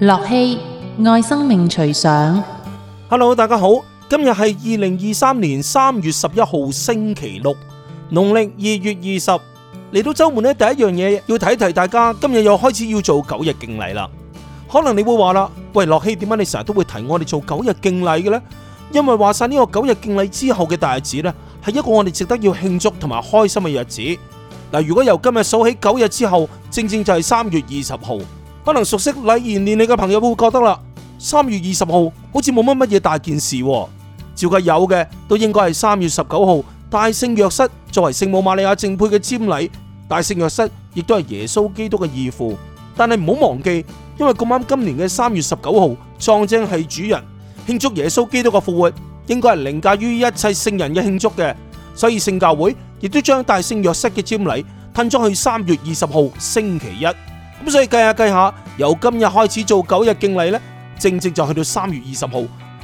樂熙愛生命隨想，Hello，大家好，今日係二零二三年三月十一號星期六，農曆二月二十。嚟到周末呢，第一樣嘢要提提大家，今日又開始要做九日敬禮啦。可能你會話啦，喂，樂熙點解你成日都會提我哋做九日敬禮嘅呢？因為話晒呢個九日敬禮之後嘅大日子呢，係一個我哋值得要慶祝同埋開心嘅日子。嗱，如果由今日數起九日之後，正正就係三月二十號。可能熟悉禮儀年曆嘅朋友會覺得啦，三月二十號好似冇乜乜嘢大件事啊。照計有嘅都應該係三月十九號大聖若瑟作為聖母瑪利亞淨配嘅瞻禮，大聖若瑟亦都係耶穌基督嘅義父。但係唔好忘記，因為咁啱今年嘅三月十九號，撞正係主日慶祝耶穌基督嘅復活，應該係凌駕於一切聖人嘅慶祝嘅。所以聖教會亦都將大聖若瑟嘅瞻禮褪咗去三月二十號星期一。咁所以計下計下，由今日開始做九日敬禮呢，正正就去到三月二十號，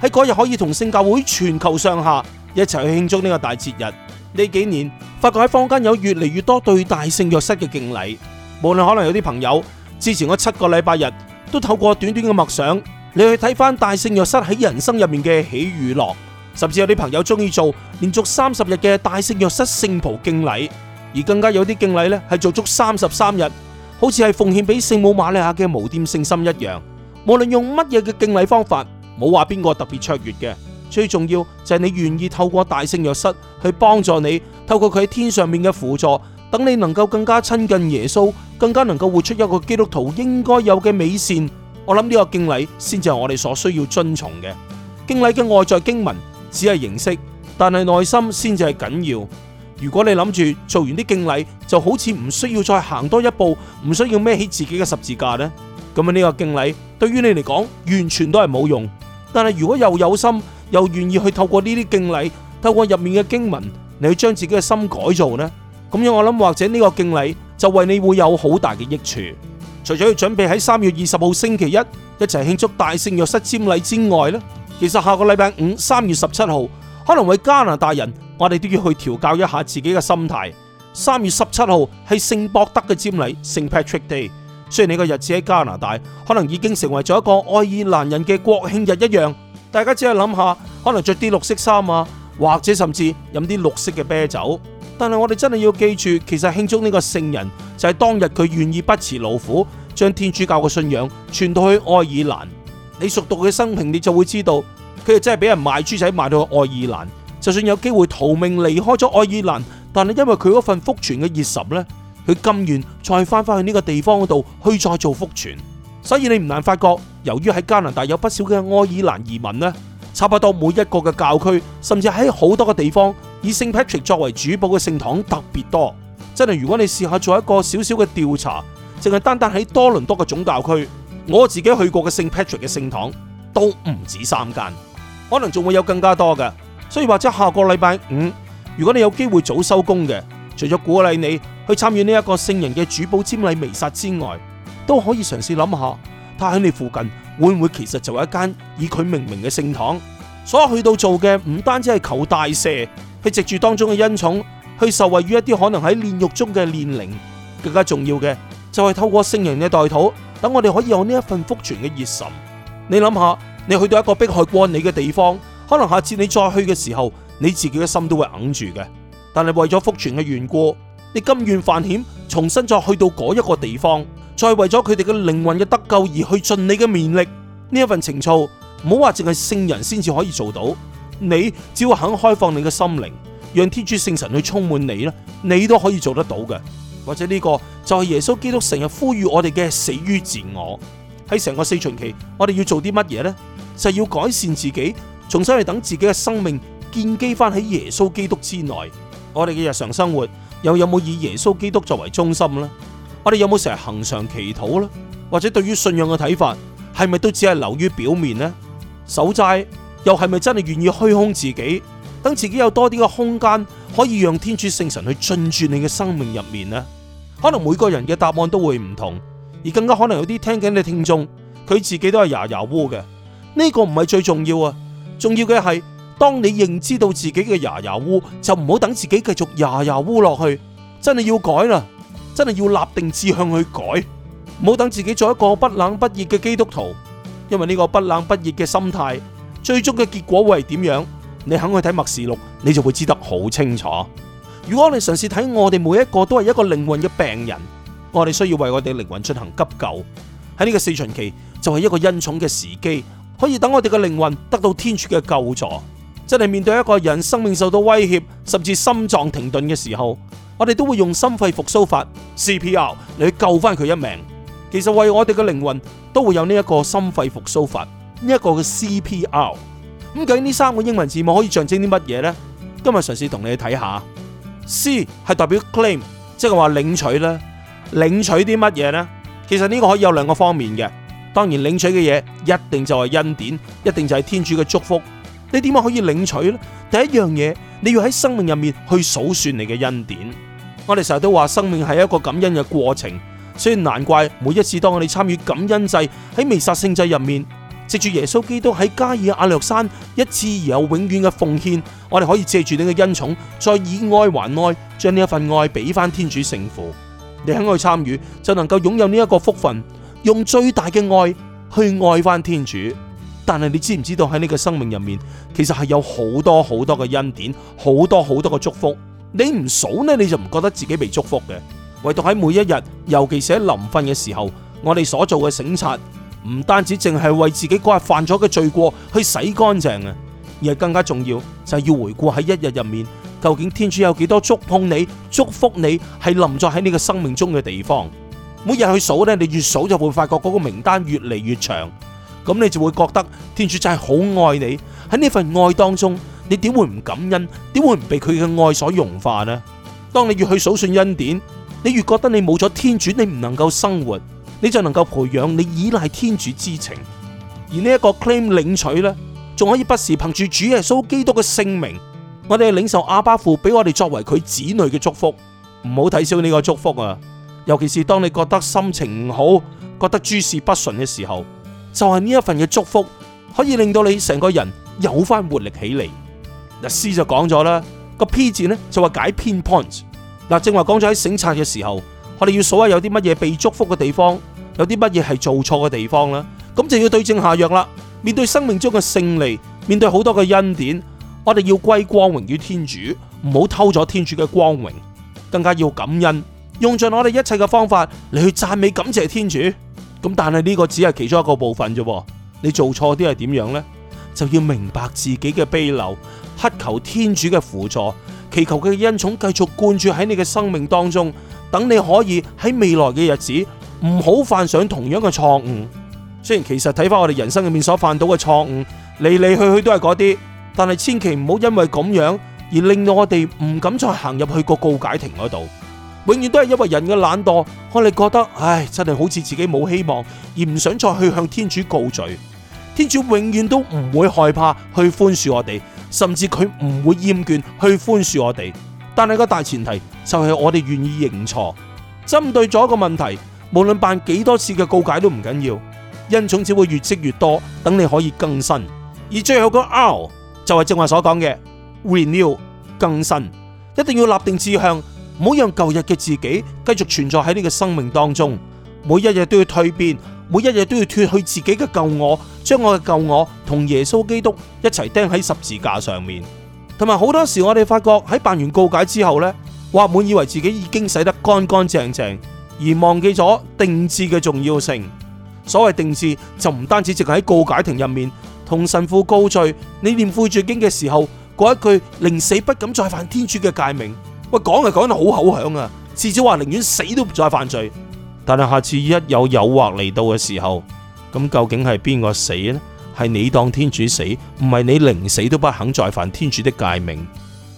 喺嗰日可以同聖教會全球上下一齊去慶祝呢個大節日。呢幾年發覺喺坊間有越嚟越多對大聖若瑟嘅敬禮，無論可能有啲朋友之前嗰七個禮拜日都透過短短嘅默想，你去睇返大聖若瑟喺人生入面嘅喜與樂，甚至有啲朋友中意做連續三十日嘅大聖若瑟聖袍敬禮，而更加有啲敬禮呢係做足三十三日。好似係奉獻俾聖母瑪利亞嘅無玷聖心一樣，無論用乜嘢嘅敬禮方法，冇話邊個特別卓越嘅，最重要就係你願意透過大聖若瑟去幫助你，透過佢喺天上面嘅輔助，等你能夠更加親近耶穌，更加能夠活出一個基督徒應該有嘅美善。我諗呢個敬禮先至係我哋所需要遵從嘅。敬禮嘅外在經文只係形式，但係內心先至係緊要。如果你諗住做完啲敬禮就好似唔需要再行多一步，唔需要孭起自己嘅十字架咧，咁樣呢個敬禮對於你嚟講完全都係冇用。但係如果又有心，又願意去透過呢啲敬禮，透過入面嘅經文嚟去將自己嘅心改造咧，咁樣我諗或者呢個敬禮就為你會有好大嘅益處。除咗要準備喺三月二十號星期一一齊慶祝大聖若瑟瞻禮之外咧，其實下個禮拜五三月十七號。可能為加拿大人，我哋都要去調教一下自己嘅心態。三月十七號係聖博德嘅占禮，聖 Patrick Day。雖然你個日子喺加拿大，可能已經成為咗一個愛爾蘭人嘅國慶日一樣。大家只係諗下，可能着啲綠色衫啊，或者甚至飲啲綠色嘅啤酒。但係我哋真係要記住，其實慶祝呢個聖人就係當日佢願意不辭勞苦，將天主教嘅信仰傳到去愛爾蘭。你熟讀佢生平，你就會知道。佢就真係俾人賣豬仔賣到去愛爾蘭，就算有機會逃命離開咗愛爾蘭，但係因為佢嗰份福傳嘅熱忱呢，佢甘願再翻返去呢個地方嗰度去再做福傳。所以你唔難發覺，由於喺加拿大有不少嘅愛爾蘭移民呢，差不多每一個嘅教區，甚至喺好多嘅地方，以聖 Patrick 作為主保嘅聖堂特別多。真係如果你試下做一個少少嘅調查，淨係單單喺多倫多嘅總教區，我自己去過嘅聖 Patrick 嘅聖堂都唔止三間。可能仲會有更加多嘅，所以或者下個禮拜五，如果你有機會早收工嘅，除咗鼓勵你去參與呢一個聖人嘅主保瞻禮彌撒之外，都可以嘗試諗下，他喺你附近會唔會其實就係一間以佢命名嘅聖堂？所以去到做嘅唔單止係求大赦，去藉住當中嘅恩寵，去受惠於一啲可能喺煉獄中嘅煉靈。更加重要嘅就係、是、透過聖人嘅代禱，等我哋可以有呢一份福傳嘅熱忱。你諗下。你去到一個迫害過你嘅地方，可能下次你再去嘅時候，你自己嘅心都會揞住嘅。但係為咗福傳嘅緣故，你甘願犯險，重新再去到嗰一個地方，再為咗佢哋嘅靈魂嘅得救而去盡你嘅綿力，呢一份情操，唔好話淨係聖人先至可以做到，你只要肯開放你嘅心靈，讓天主聖神去充滿你啦，你都可以做得到嘅。或者呢、這個就係、是、耶穌基督成日呼籲我哋嘅死於自我。喺成個四旬期，我哋要做啲乜嘢呢？就要改善自己，重新去等自己嘅生命建基翻喺耶穌基督之內。我哋嘅日常生活又有冇以耶穌基督作為中心咧？我哋有冇成日恒常祈禱咧？或者對於信仰嘅睇法係咪都只係流於表面咧？守齋又係咪真係願意虛空自己，等自己有多啲嘅空間，可以讓天主聖神去進駐你嘅生命入面咧？可能每個人嘅答案都會唔同，而更加可能有啲聽緊嘅聽眾，佢自己都係牙牙烏嘅。呢個唔係最重要啊，重要嘅係當你認知到自己嘅牙牙污，就唔好等自己繼續牙牙污落去。真係要改啦，真係要立定志向去改，唔好等自己做一個不冷不熱嘅基督徒。因為呢個不冷不熱嘅心態，最終嘅結果會係點樣？你肯去睇《默示錄》，你就會知得好清楚。如果我哋嘗試睇我哋每一個都係一個靈魂嘅病人，我哋需要為我哋靈魂進行急救。喺呢個四旬期就係、是、一個恩寵嘅時機。可以等我哋嘅靈魂得到天主嘅救助。真係面對一個人生命受到威脅，甚至心臟停頓嘅時候，我哋都會用心肺復甦法 CPR 嚟去救翻佢一命。其實為我哋嘅靈魂都會有呢一個心肺復甦法呢一個嘅 CPR。咁究竟呢三個英文字母可以象徵啲乜嘢呢？今日嘗試同你睇下，C 係代表 claim，即係話領取啦，領取啲乜嘢呢？其實呢個可以有兩個方面嘅。當然領取嘅嘢一定就係恩典，一定就係天主嘅祝福。你點樣可以領取呢？第一樣嘢，你要喺生命入面去數算你嘅恩典。我哋成日都話生命係一個感恩嘅過程，所以難怪每一次當我哋參與感恩祭喺彌撒聖祭入面，藉住耶穌基督喺加爾阿略山一次而又永遠嘅奉獻，我哋可以借住你嘅恩寵，再以愛還愛，將呢一份愛俾翻天主聖父。你肯去參與，就能夠擁有呢一個福分。用最大嘅愛去愛翻天主，但係你知唔知道喺呢個生命入面，其實係有好多好多嘅恩典，好多好多嘅祝福。你唔數呢，你就唔覺得自己被祝福嘅。唯獨喺每一日，尤其是喺臨瞓嘅時候，我哋所做嘅省察，唔單止淨係為自己嗰日犯咗嘅罪過去洗乾淨啊，而係更加重要就係、是、要回顧喺一日入面，究竟天主有幾多觸碰你、祝福你係臨在喺呢個生命中嘅地方。每日去數咧，你越數就會發覺嗰個名單越嚟越長，咁你就會覺得天主真係好愛你。喺呢份愛當中，你點會唔感恩？點會唔被佢嘅愛所融化呢？當你越去數算恩典，你越覺得你冇咗天主，你唔能夠生活，你就能夠培養你依賴天主之情。而呢一個 claim 領取咧，仲可以不時憑住主耶穌基督嘅聖名，我哋領受阿爸父俾我哋作為佢子女嘅祝福，唔好睇小呢個祝福啊！尤其是當你覺得心情唔好、覺得諸事不順嘅時候，就係、是、呢一份嘅祝福可以令到你成個人有翻活力起嚟。那詩就講咗啦，個 P 字呢就話解 pinpoint。嗱，正話講咗喺省察嘅時候，我哋要數一下有啲乜嘢被祝福嘅地方，有啲乜嘢係做錯嘅地方啦。咁就要對症下藥啦。面對生命中嘅勝利，面對好多嘅恩典，我哋要歸光榮於天主，唔好偷咗天主嘅光榮，更加要感恩。用盡我哋一切嘅方法嚟去讚美、感謝天主。咁但係呢個只係其中一個部分啫。你做錯啲係點樣呢？就要明白自己嘅悲留，乞求天主嘅輔助，祈求佢嘅恩寵繼續灌注喺你嘅生命當中，等你可以喺未來嘅日子唔好犯上同樣嘅錯誤。雖然其實睇翻我哋人生入面所犯到嘅錯誤嚟嚟去去都係嗰啲，但係千祈唔好因為咁樣而令到我哋唔敢再行入去個告解亭嗰度。永遠都係因為人嘅懶惰，我哋覺得，唉，真係好似自己冇希望，而唔想再去向天主告罪。天主永遠都唔會害怕去寬恕我哋，甚至佢唔會厭倦去寬恕我哋。但係個大前提就係我哋願意認錯，針對咗個問題，無論辦幾多次嘅告解都唔緊要，恩寵只會越積越多，等你可以更新。而最後個 R 就係正話所講嘅 renew 更新，一定要立定志向。唔好讓舊日嘅自己繼續存在喺你嘅生命當中，每一日都要蛻變，每一日都要脫去自己嘅舊我，將我嘅舊我同耶穌基督一齊釘喺十字架上面。同埋好多時我哋發覺喺辦完告解之後呢，哇，滿以為自己已經洗得乾乾淨淨，而忘記咗定志嘅重要性。所謂定志就唔單止淨喺告解亭入面同神父告罪，你念悔罪經嘅時候，嗰一句寧死不敢再犯天主嘅誡命。喂，講係講得好口響啊，至少話寧願死都唔再犯罪。但係下次一有誘惑嚟到嘅時候，咁究竟係邊個死呢？係你當天主死，唔係你寧死都不肯再犯天主的誡命。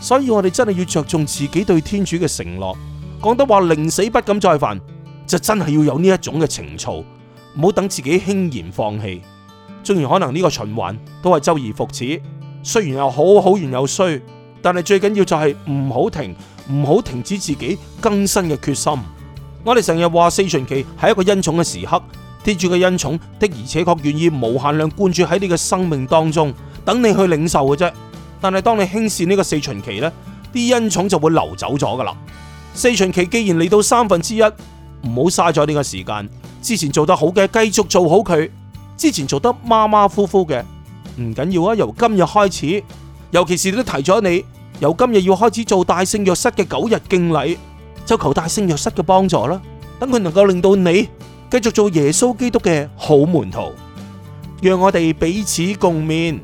所以我哋真係要着重自己對天主嘅承諾，講得話寧死不敢再犯，就真係要有呢一種嘅情操，唔好等自己輕言放棄，縱然可能呢個循環都係周而復始，雖然又好好完又衰。但係最緊要就係唔好停，唔好停止自己更新嘅決心。我哋成日話四旬期係一個恩寵嘅時刻，天主嘅恩寵的而且確願意無限量灌注喺你嘅生命當中，等你去領受嘅啫。但係當你輕視呢個四旬期呢，啲恩寵就會流走咗㗎喇。四旬期既然嚟到三分之一，唔好嘥咗呢個時間。之前做得好嘅繼續做好佢，之前做得馬馬虎虎嘅唔緊要啊，由今日開始。尤其是都提咗你，由今日要開始做大聖若瑟嘅九日敬禮，就求大聖若瑟嘅幫助啦，等佢能夠令到你繼續做耶穌基督嘅好門徒，讓我哋彼此共勉。